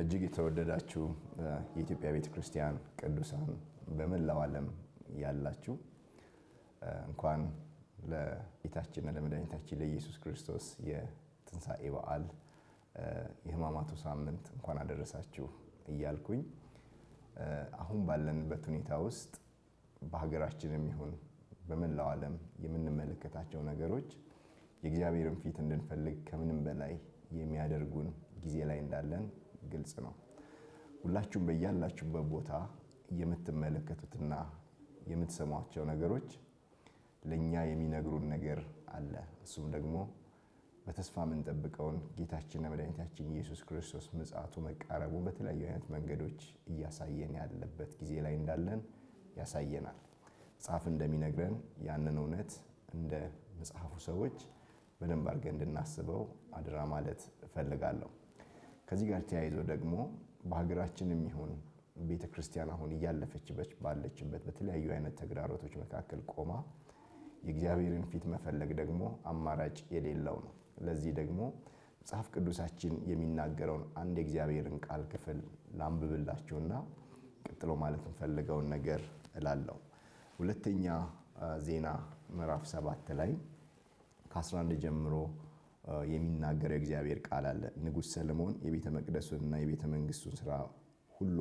እጅግ የተወደዳችሁ የኢትዮጵያ ቤተ ክርስቲያን ቅዱሳን በመላው ዓለም ያላችሁ እንኳን ለጌታችንና ለመድኃኒታችን ለኢየሱስ ክርስቶስ የትንሣኤ በዓል የሕማማቱ ሳምንት እንኳን አደረሳችሁ እያልኩኝ አሁን ባለንበት ሁኔታ ውስጥ በሀገራችንም ይሁን በመላው ዓለም የምንመለከታቸው ነገሮች የእግዚአብሔርን ፊት እንድንፈልግ ከምንም በላይ የሚያደርጉን ጊዜ ላይ እንዳለን ግልጽ ነው። ሁላችሁም በያላችሁበት ቦታ የምትመለከቱትና የምትሰሟቸው ነገሮች ለእኛ የሚነግሩን ነገር አለ። እሱም ደግሞ በተስፋ የምንጠብቀውን ጌታችንና መድኃኒታችን ኢየሱስ ክርስቶስ ምጽአቱ መቃረቡን በተለያዩ አይነት መንገዶች እያሳየን ያለበት ጊዜ ላይ እንዳለን ያሳየናል። መጽሐፍ እንደሚነግረን ያንን እውነት እንደ መጽሐፉ ሰዎች በደንብ አድርገን እንድናስበው አድራ ማለት እፈልጋለሁ። ከዚህ ጋር ተያይዞ ደግሞ በሀገራችን የሚሆን ቤተ ክርስቲያን አሁን እያለፈችበት ባለችበት በተለያዩ አይነት ተግዳሮቶች መካከል ቆማ የእግዚአብሔርን ፊት መፈለግ ደግሞ አማራጭ የሌለው ነው። ለዚህ ደግሞ መጽሐፍ ቅዱሳችን የሚናገረውን አንድ የእግዚአብሔርን ቃል ክፍል ላንብብላችሁና ቀጥሎ ማለት እንፈልገውን ነገር እላለሁ። ሁለተኛ ዜና ምዕራፍ ሰባት ላይ ከ11 ጀምሮ የሚናገረው የእግዚአብሔር ቃል አለ። ንጉሥ ሰለሞን የቤተ መቅደሱንና የቤተ መንግስቱን ስራ ሁሉ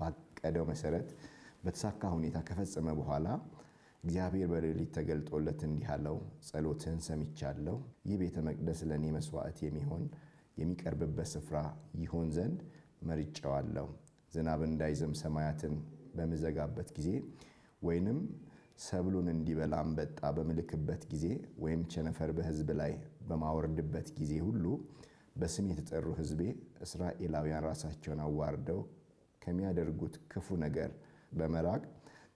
ባቀደው መሰረት በተሳካ ሁኔታ ከፈጸመ በኋላ እግዚአብሔር በሌሊት ተገልጦለት እንዲህ አለው፣ ጸሎትን ሰምቻለሁ። ይህ ቤተ መቅደስ ለእኔ መስዋዕት የሚሆን የሚቀርብበት ስፍራ ይሆን ዘንድ መርጨዋለሁ። ዝናብ እንዳይዘም ሰማያትን በምዘጋበት ጊዜ ወይንም ሰብሉን እንዲበላ አንበጣ በምልክበት ጊዜ ወይም ቸነፈር በሕዝብ ላይ በማወርድበት ጊዜ ሁሉ በስም የተጠሩ ሕዝቤ እስራኤላውያን ራሳቸውን አዋርደው ከሚያደርጉት ክፉ ነገር በመራቅ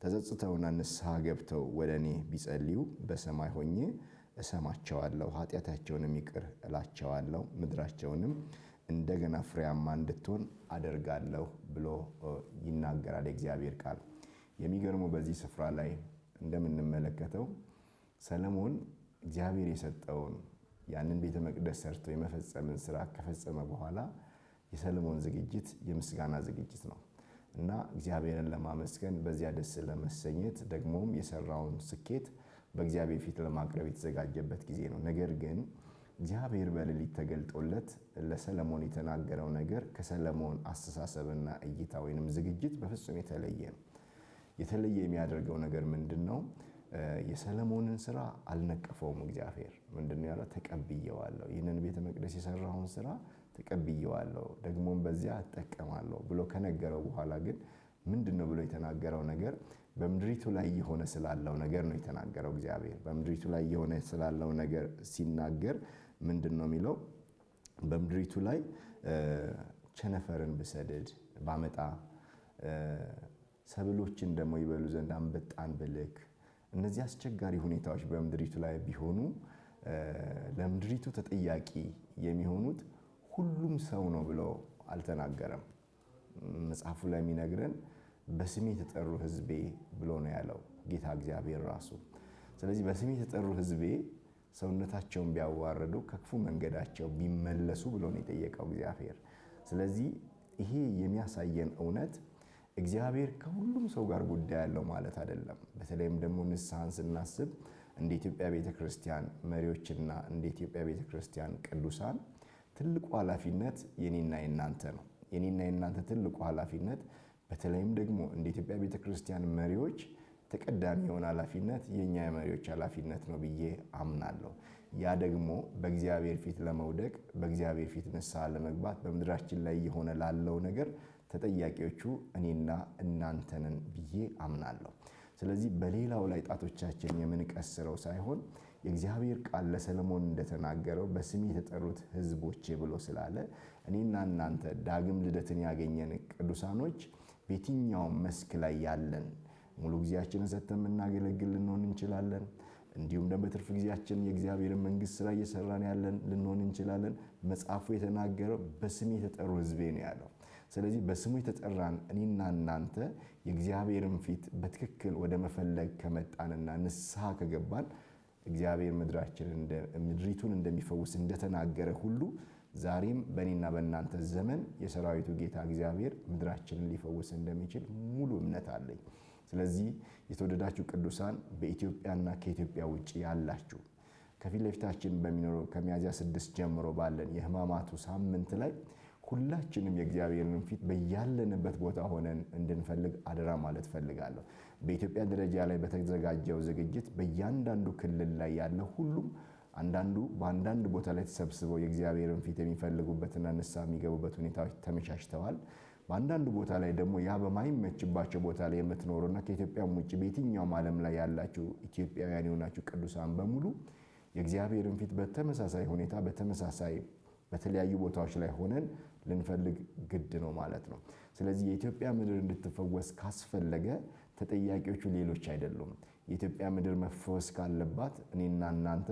ተጸጽተውና ንስሐ ገብተው ወደ እኔ ቢጸልዩ በሰማይ ሆኜ እሰማቸዋለሁ፣ ኃጢአታቸውንም ይቅር እላቸዋለሁ፣ ምድራቸውንም እንደገና ፍሬያማ እንድትሆን አደርጋለሁ ብሎ ይናገራል የእግዚአብሔር ቃል። የሚገርመው በዚህ ስፍራ ላይ እንደምንመለከተው ሰለሞን እግዚአብሔር የሰጠውን ያንን ቤተ መቅደስ ሰርቶ የመፈጸምን ስራ ከፈጸመ በኋላ የሰለሞን ዝግጅት የምስጋና ዝግጅት ነው እና እግዚአብሔርን ለማመስገን በዚያ ደስ ለመሰኘት ደግሞም የሰራውን ስኬት በእግዚአብሔር ፊት ለማቅረብ የተዘጋጀበት ጊዜ ነው። ነገር ግን እግዚአብሔር በሌሊት ተገልጦለት ለሰለሞን የተናገረው ነገር ከሰለሞን አስተሳሰብና እይታ ወይንም ዝግጅት በፍጹም የተለየ ነው። የተለየ የሚያደርገው ነገር ምንድን ነው? የሰለሞንን ስራ አልነቀፈውም እግዚአብሔር። ምንድነው ያለው? ተቀብየዋለሁ፣ ይህንን ቤተ መቅደስ የሰራውን ስራ ተቀብየዋለሁ፣ ደግሞም በዚያ እጠቀማለሁ ብሎ ከነገረው በኋላ ግን ምንድን ነው ብሎ የተናገረው ነገር በምድሪቱ ላይ የሆነ ስላለው ነገር ነው የተናገረው እግዚአብሔር። በምድሪቱ ላይ የሆነ ስላለው ነገር ሲናገር ምንድን ነው የሚለው? በምድሪቱ ላይ ቸነፈርን ብሰድድ ባመጣ፣ ሰብሎችን ደግሞ ይበሉ ዘንድ አንበጣን ብልክ እነዚህ አስቸጋሪ ሁኔታዎች በምድሪቱ ላይ ቢሆኑ ለምድሪቱ ተጠያቂ የሚሆኑት ሁሉም ሰው ነው ብሎ አልተናገረም። መጽሐፉ ላይ የሚነግረን በስሜ የተጠሩ ሕዝቤ ብሎ ነው ያለው ጌታ እግዚአብሔር ራሱ። ስለዚህ በስሜ የተጠሩ ሕዝቤ ሰውነታቸውን ቢያዋርዱ ከክፉ መንገዳቸው ቢመለሱ ብሎ ነው የጠየቀው እግዚአብሔር። ስለዚህ ይሄ የሚያሳየን እውነት እግዚአብሔር ከሁሉም ሰው ጋር ጉዳይ ያለው ማለት አይደለም። በተለይም ደግሞ ንስሐን ስናስብ እንደ ኢትዮጵያ ቤተክርስቲያን መሪዎችና እንደ ኢትዮጵያ ቤተክርስቲያን ቅዱሳን ትልቁ ኃላፊነት የኔና የናንተ ነው። የኔና የናንተ ትልቁ ኃላፊነት በተለይም ደግሞ እንደ ኢትዮጵያ ቤተክርስቲያን መሪዎች ተቀዳሚ የሆነ ኃላፊነት የእኛ የመሪዎች ኃላፊነት ነው ብዬ አምናለሁ። ያ ደግሞ በእግዚአብሔር ፊት ለመውደቅ በእግዚአብሔር ፊት ንስሐ ለመግባት በምድራችን ላይ እየሆነ ላለው ነገር ተጠያቂዎቹ እኔና እናንተንን ብዬ አምናለሁ። ስለዚህ በሌላው ላይ ጣቶቻችን የምንቀስረው ሳይሆን የእግዚአብሔር ቃል ለሰለሞን እንደተናገረው በስም የተጠሩት ሕዝቦቼ ብሎ ስላለ እኔና እናንተ ዳግም ልደትን ያገኘን ቅዱሳኖች በየትኛውም መስክ ላይ ያለን ሙሉ ጊዜያችንን ሰጥተን የምናገለግል ልንሆን እንችላለን። እንዲሁም ደግሞ በትርፍ ጊዜያችን የእግዚአብሔርን መንግስት ስራ እየሰራን ያለን ልንሆን እንችላለን። መጽሐፉ የተናገረው በስሜ የተጠሩ ህዝቤ ነው ያለው። ስለዚህ በስሙ የተጠራን እኔና እናንተ የእግዚአብሔርን ፊት በትክክል ወደ መፈለግ ከመጣንና ንስሐ ከገባን እግዚአብሔር ምድራችን ምድሪቱን እንደሚፈውስ እንደተናገረ ሁሉ ዛሬም በእኔና በእናንተ ዘመን የሰራዊቱ ጌታ እግዚአብሔር ምድራችንን ሊፈውስ እንደሚችል ሙሉ እምነት አለኝ። ስለዚህ የተወደዳችሁ ቅዱሳን በኢትዮጵያና ከኢትዮጵያ ውጭ ያላችሁ ከፊት ለፊታችን በሚኖረው ከሚያዝያ ስድስት ጀምሮ ባለን የህማማቱ ሳምንት ላይ ሁላችንም የእግዚአብሔርን ፊት በያለንበት ቦታ ሆነን እንድንፈልግ አደራ ማለት ፈልጋለሁ። በኢትዮጵያ ደረጃ ላይ በተዘጋጀው ዝግጅት በእያንዳንዱ ክልል ላይ ያለ ሁሉም አንዳንዱ በአንዳንድ ቦታ ላይ ተሰብስበው የእግዚአብሔርን ፊት የሚፈልጉበትና ንስሐ የሚገቡበት ሁኔታዎች ተመቻችተዋል። በአንዳንድ ቦታ ላይ ደግሞ ያ በማይመችባቸው ቦታ ላይ የምትኖሩና ከኢትዮጵያም ውጭ በየትኛውም ዓለም ላይ ያላችሁ ኢትዮጵያውያን የሆናችሁ ቅዱሳን በሙሉ የእግዚአብሔርን ፊት በተመሳሳይ ሁኔታ በተመሳሳይ በተለያዩ ቦታዎች ላይ ሆነን ልንፈልግ ግድ ነው ማለት ነው። ስለዚህ የኢትዮጵያ ምድር እንድትፈወስ ካስፈለገ ተጠያቂዎቹ ሌሎች አይደሉም። የኢትዮጵያ ምድር መፈወስ ካለባት እኔና እናንተ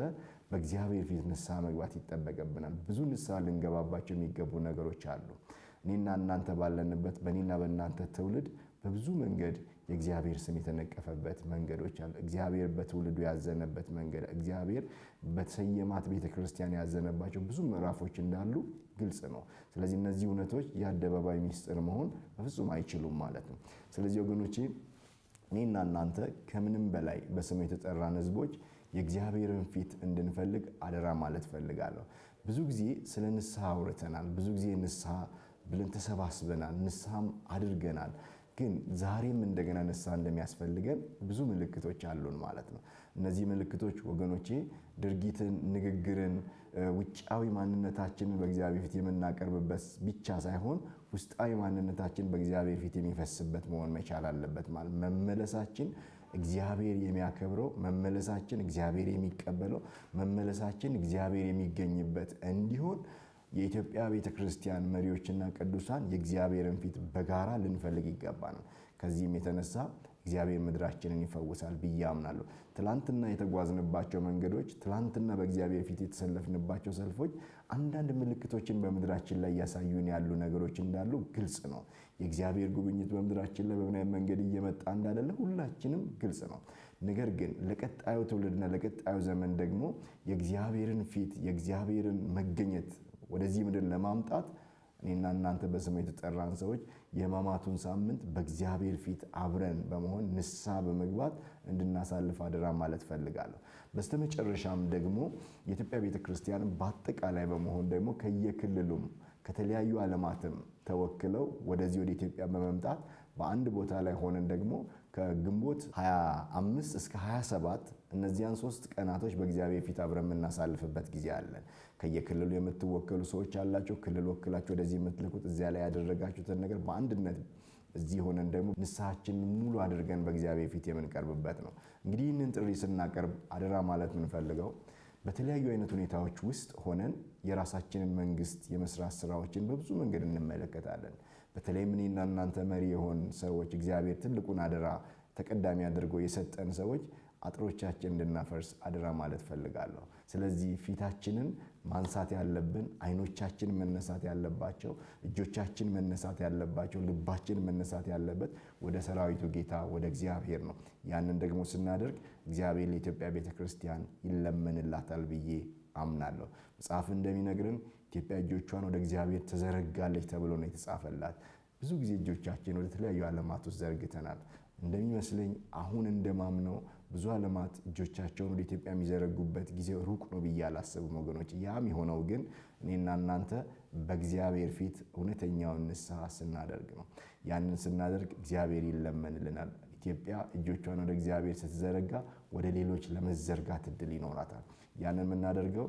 በእግዚአብሔር ፊት ንስሐ መግባት ይጠበቅብናል። ብዙ ንስሐ ልንገባባቸው የሚገቡ ነገሮች አሉ። እኔና እናንተ ባለንበት በእኔና በእናንተ ትውልድ በብዙ መንገድ የእግዚአብሔር ስም የተነቀፈበት መንገዶች አሉ። እግዚአብሔር በትውልዱ ያዘነበት መንገድ፣ እግዚአብሔር በተሰየማት ቤተ ክርስቲያን ያዘነባቸው ብዙ ምዕራፎች እንዳሉ ግልጽ ነው። ስለዚህ እነዚህ እውነቶች የአደባባይ ሚስጥር መሆን በፍጹም አይችሉም ማለት ነው። ስለዚህ ወገኖቼ እኔና እናንተ ከምንም በላይ በስሙ የተጠራን ህዝቦች የእግዚአብሔርን ፊት እንድንፈልግ አደራ ማለት ፈልጋለሁ። ብዙ ጊዜ ስለ ንስሐ አውርተናል። ብዙ ጊዜ ንስሐ ብለን ተሰባስበናል፣ ንስሐም አድርገናል። ግን ዛሬም እንደገና ንስሐ እንደሚያስፈልገን ብዙ ምልክቶች አሉን ማለት ነው። እነዚህ ምልክቶች ወገኖቼ ድርጊትን፣ ንግግርን፣ ውጫዊ ማንነታችንን በእግዚአብሔር ፊት የምናቀርብበት ብቻ ሳይሆን ውስጣዊ ማንነታችን በእግዚአብሔር ፊት የሚፈስበት መሆን መቻል አለበት። ማለት መመለሳችን እግዚአብሔር የሚያከብረው መመለሳችን እግዚአብሔር የሚቀበለው መመለሳችን እግዚአብሔር የሚገኝበት እንዲሆን የኢትዮጵያ ቤተ ክርስቲያን መሪዎችና ቅዱሳን የእግዚአብሔርን ፊት በጋራ ልንፈልግ ይገባናል። ከዚህም የተነሳ እግዚአብሔር ምድራችንን ይፈውሳል ብዬ አምናለሁ። ትላንትና የተጓዝንባቸው መንገዶች፣ ትላንትና በእግዚአብሔር ፊት የተሰለፍንባቸው ሰልፎች አንዳንድ ምልክቶችን በምድራችን ላይ እያሳዩን ያሉ ነገሮች እንዳሉ ግልጽ ነው። የእግዚአብሔር ጉብኝት በምድራችን ላይ በምን መንገድ እየመጣ እንዳደለ ሁላችንም ግልጽ ነው። ነገር ግን ለቀጣዩ ትውልድና ለቀጣዩ ዘመን ደግሞ የእግዚአብሔርን ፊት የእግዚአብሔርን መገኘት ወደዚህ ምድር ለማምጣት እኔና እናንተ በስሙ የተጠራን ሰዎች የሕማማቱን ሳምንት በእግዚአብሔር ፊት አብረን በመሆን ንስሐ በመግባት እንድናሳልፍ አደራ ማለት ፈልጋለሁ። በስተመጨረሻም ደግሞ የኢትዮጵያ ቤተ ክርስቲያን በአጠቃላይ በመሆን ደግሞ ከየክልሉም ከተለያዩ ዓለማትም ተወክለው ወደዚህ ወደ ኢትዮጵያ በመምጣት በአንድ ቦታ ላይ ሆነን ደግሞ ከግንቦት 25 እስከ 27 እነዚያን ሶስት ቀናቶች በእግዚአብሔር ፊት አብረን የምናሳልፍበት ጊዜ አለን። ከየክልሉ የምትወከሉ ሰዎች አላቸው ክልል ወክላቸው ወደዚህ የምትልኩት እዚያ ላይ ያደረጋችሁትን ነገር በአንድነት እዚህ ሆነን ደግሞ ንስሐችን ሙሉ አድርገን በእግዚአብሔር ፊት የምንቀርብበት ነው። እንግዲህ ይህንን ጥሪ ስናቀርብ አደራ ማለት የምንፈልገው በተለያዩ አይነት ሁኔታዎች ውስጥ ሆነን የራሳችንን መንግስት የመስራት ስራዎችን በብዙ መንገድ እንመለከታለን። በተለይም እኔና እናንተ መሪ የሆን ሰዎች እግዚአብሔር ትልቁን አደራ ተቀዳሚ አድርጎ የሰጠን ሰዎች አጥሮቻችን እንድናፈርስ አደራ ማለት ፈልጋለሁ። ስለዚህ ፊታችንን ማንሳት ያለብን፣ አይኖቻችን መነሳት ያለባቸው፣ እጆቻችን መነሳት ያለባቸው፣ ልባችን መነሳት ያለበት ወደ ሰራዊቱ ጌታ ወደ እግዚአብሔር ነው። ያንን ደግሞ ስናደርግ እግዚአብሔር ለኢትዮጵያ ቤተክርስቲያን ይለመንላታል ብዬ አምናለሁ። መጽሐፍ እንደሚነግርን ኢትዮጵያ እጆቿን ወደ እግዚአብሔር ተዘረጋለች ተብሎ ነው የተጻፈላት። ብዙ ጊዜ እጆቻችን ወደ ተለያዩ ዓለማት ውስጥ ዘርግተናል። እንደሚመስለኝ አሁን እንደማምነው ብዙ ዓለማት እጆቻቸውን ወደ ኢትዮጵያ የሚዘረጉበት ጊዜ ሩቅ ነው ብዬ አላስብም ወገኖች። ያም የሆነው ግን እኔና እናንተ በእግዚአብሔር ፊት እውነተኛውን ንስሐ ስናደርግ ነው። ያንን ስናደርግ እግዚአብሔር ይለመንልናል። ኢትዮጵያ እጆቿን ወደ እግዚአብሔር ስትዘረጋ ወደ ሌሎች ለመዘርጋት እድል ይኖራታል። ያንን የምናደርገው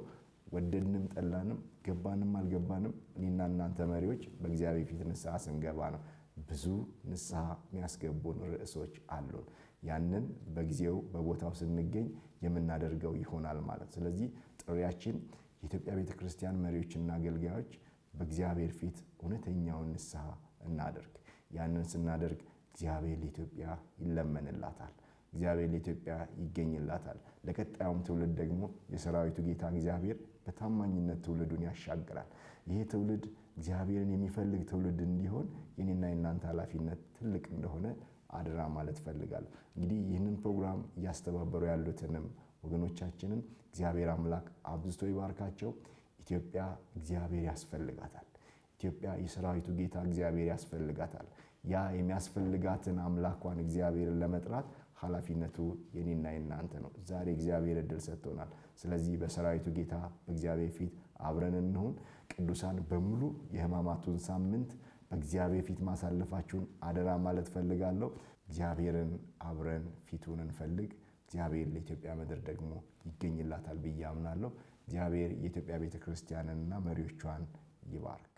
ወደድንም ጠላንም ገባንም አልገባንም እኔና እናንተ መሪዎች በእግዚአብሔር ፊት ንስሐ ስንገባ ነው። ብዙ ንስሐ የሚያስገቡን ርዕሶች አሉን። ያንን በጊዜው በቦታው ስንገኝ የምናደርገው ይሆናል ማለት። ስለዚህ ጥሪያችን የኢትዮጵያ ቤተክርስቲያን መሪዎችና አገልጋዮች በእግዚአብሔር ፊት እውነተኛውን ንስሐ እናደርግ። ያንን ስናደርግ እግዚአብሔር ለኢትዮጵያ ይለመንላታል። እግዚአብሔር ለኢትዮጵያ ይገኝላታል። ለቀጣዩም ትውልድ ደግሞ የሰራዊቱ ጌታ እግዚአብሔር በታማኝነት ትውልዱን ያሻግራል። ይሄ ትውልድ እግዚአብሔርን የሚፈልግ ትውልድ እንዲሆን የኔና የእናንተ ኃላፊነት ትልቅ እንደሆነ አደራ ማለት ፈልጋል። እንግዲህ ይህንን ፕሮግራም እያስተባበሩ ያሉትንም ወገኖቻችንን እግዚአብሔር አምላክ አብዝቶ ይባርካቸው። ኢትዮጵያ እግዚአብሔር ያስፈልጋታል። ኢትዮጵያ የሰራዊቱ ጌታ እግዚአብሔር ያስፈልጋታል። ያ የሚያስፈልጋትን አምላኳን እግዚአብሔርን ለመጥራት ኃላፊነቱ የኔና የናንተ ነው። ዛሬ እግዚአብሔር እድል ሰጥቶናል። ስለዚህ በሰራዊቱ ጌታ በእግዚአብሔር ፊት አብረን እንሁን። ቅዱሳን በሙሉ የሕማማቱን ሳምንት በእግዚአብሔር ፊት ማሳለፋችሁን አደራ ማለት ፈልጋለሁ። እግዚአብሔርን አብረን ፊቱን እንፈልግ። እግዚአብሔር ለኢትዮጵያ ምድር ደግሞ ይገኝላታል ብዬ አምናለሁ። እግዚአብሔር የኢትዮጵያ ቤተ መሪዎቿን ይባርክ።